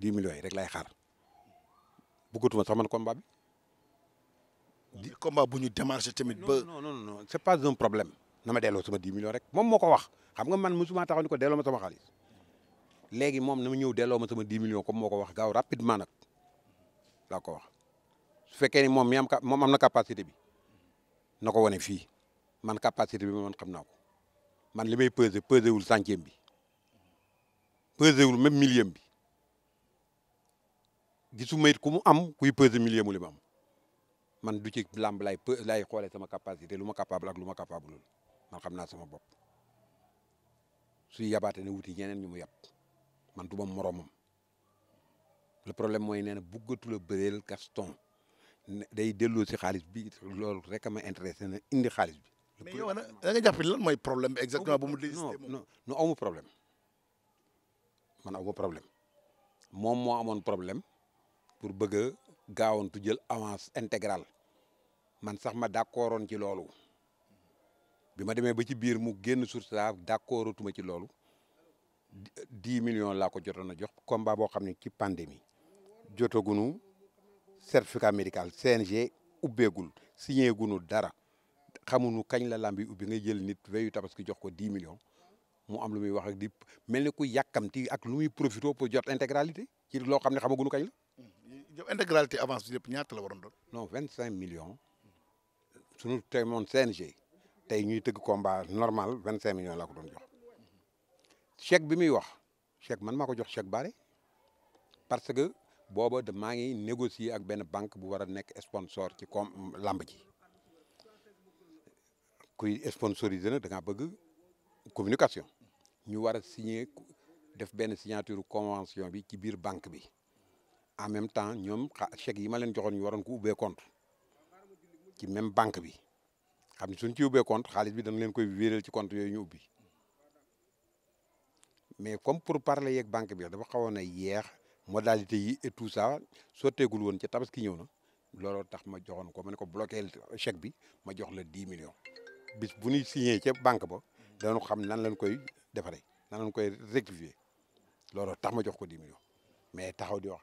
10 millions rek lay xaar bëggatuma sax man combat bi. combat bu ñu tamit ba. non non non c'est pas un problème. na délo sama 10 millions rek mom moko wax xam nga man musuma taxaw ko sama légui sama 10 millions comme moko wax rapidement nak fait wax su fekkee ni mom mi am am na capacité bi na ko wane man capacité bi man xam naa man li peser bi peser même millième gisuma it am kuy de man du ci lay lay sama capacité capable ak capable man sama wuti ñeneen ñu man le problème mooy nee de bëggatu la bëreel Gaston day des si bi loolu rek na indi mais yow avez da nga problème exactement bu mu. non non non amu problème man amu problème moi, un problème. pour bëgg a gaawantu jël avance intégrale man sax ma d'accordoon ci loolu bi ma demee ba ci biir mu génn source a d'accordutuma ci loolu dix million laa ko jotoon a jox combat boo xam ne ci pandémie jotagunu certificat médical CNG ubbeegul signé gunu dara xamunu kañ la lambi ubbi nga jël nit veyu tabaski jox ko dix million mu am lu muy wax ak di mel ni ku yàkkamti ak lu muy profité pour jot intégralité ci loo xam ne xamaguñu kañ la 25 avance bi la millions suñu CNG ñuy combat normal 25 millions Le ko doon chèque bi wax chèque parce que booba de négocier ak banque bu war sponsor ci lamb ji kuy sponsoriser communication ñu signer def signature convention bi ci biir banque en même temps ñom chèque yi ma leen joxone ñu waron ko ubbee compte ci même banque bi xamni suñ ci ubbee compte xaalis bi dañ leen koy wéeral ci compte yooyu ñu ubbi mais comme pour parler yeeg banque bi dafa xawoon a yeex modalité yi et tout ça sotteegul won ci tabaski ñëw na looloo tax ma joxone ko mané ne ko bloqué chèque bi ma jox la 10 millions bis bu ñuy signé ci banque ba dañu xam nan lañ koy defaree nan lañ koy rectifier loro tax ma jox ko 10 millions mais taxaw di wax.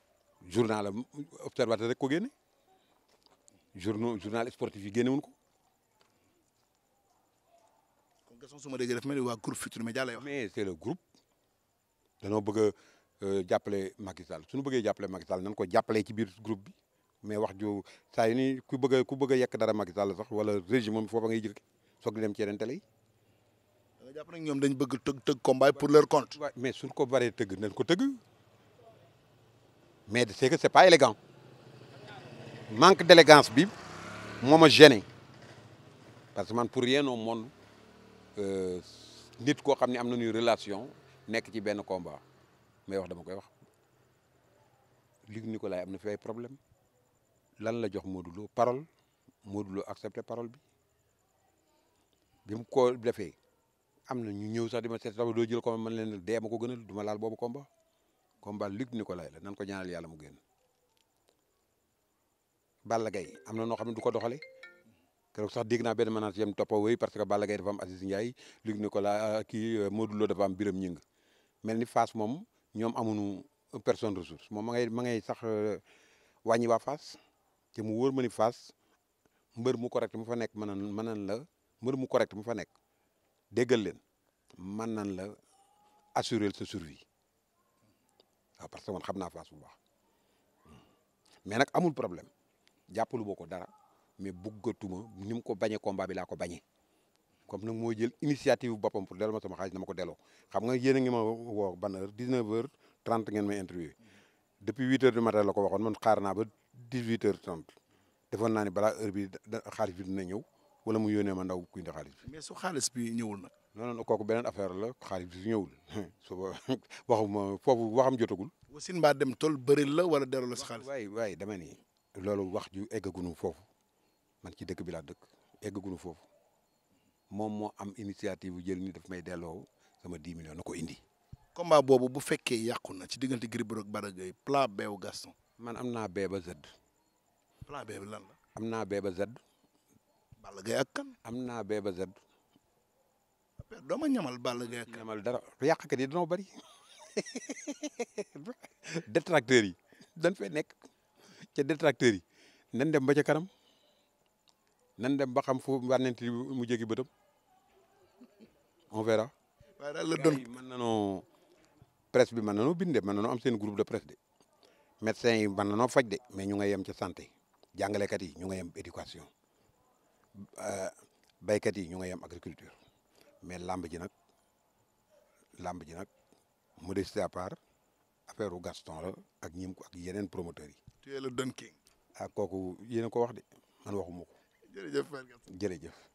journal observateur rek ko génne journal journal sportif yi génne wuñ ko. kon Gaston su ma déggee dafa mel ni groupe futur Médias lay wax. mais c'est le groupe dañu bëgg a euh, jàppale Macky Sall su ñu bëggee jàppale Macky Sall nañ ko jàppalee ci biir groupe bi mais wax ju saa ni ku bëgg ku bëgg a yekk dara Macky Sall sax wala régime mom fofu ngay jëkk soog dem ci yeneen télé yi. da nga jàpp nag ñoom dañ bëgg teug teug combat pour leur compte. mais suñ ko bari teug nañ ko teug mais c'est que c'est pas élégant manque d'élégance bi moi gêné parce que pour rien au monde euh, nit ko xamni une relation relation nek ci ben combat mais wax dama koy wax fi ay problème lan la jox modulo parole modulo accepter parole bi ko a fait ñu ñëw sax dima de do jël combat combat Luc Nicolaï la nan ko ñaanal yàlla mu génn Balla Gaye am na noo xam ne du ko doxale keroog sax dégg naa benn manager yam toppa parce que Balla Gaye dafa am Aziz Ndiaye Luc Nicolaï euh, kii euh, Modou dafa am Biram Ñing mel ni Fass moom ñoom amuñu personne ressource moom ma ngay ma ngay sax euh, wàññi waa Fass te mu wóor ma ni mbër mu correct mu fa nekk mën nan mën nan la mbër mu correct mu fa nekk déggal leen mën nan la assurer sa survie waaw ah, parce que man xam naa bu baax hmm. mais nak amul problème jàppalu boo ko dara mais bëggatuma ni mu ko bañee combat bi laa ko bañee comme nak mooy jël initiative bopam pour delloo sama xaalis dama ko delloo xam nga yéen ngi ma woo ban heure 19 h 30 ngeen may interview. depuis 8 h du matin la ko waxoon man xaar naa ba 18 h 30 defoon na ni bala heure bi xaalis bi dina ñëw wala mu yone ma ndaw ku indi xaalis mais su xaalis bi ñëwul nak non non kooku beneen affaire la xaalis bi ñëwul suba waxuma foofu waxam jotagul. wasin mbaa dem tool bëril la wala delloo la si xaalis. waay waay dama ni loolu wax ju eggagunu foofu man ci dëkk bi laa dëkk eggagunu foofu moom moo am initiative bu jël ni daf may delloo sama 10 millions na ko indi. combat boobu bu fekkee yàqu na ci diggante Gris Bordeaux ak Balla Gaye plan B wu Gaston. man am naa B ba Z. plan B bi lan la. am naa B ba Z. Balla Gaye ak kan. am naa B ba Z. dama doo ma ñamal Balla Gaye ak ñamal dara yàqkat di dañoo bari détracteurs yi dañ fee nek ca détracteurs yi nan dem ba ca kanam nan dem ba xam fu wànnent mu jégi bëtam on verra. waaye daal la doon mën nanoo presse bi mën nanoo binde mën nanoo am seen groupe de presse de médecins yi mën nanoo faj de mais ñu nga yem ca santé jàngalekat yi ñu nga yem éducation euh, baykat yi ñu nga yem agriculture mais làmb ji nag làmb ji nag modestie à part affaire Gaston la ak ñim ak yenen promoteur yi. tu es le dunking ah koku yene ko wax de man waxuma jere jërëjëf Père Gaston jërëjëf.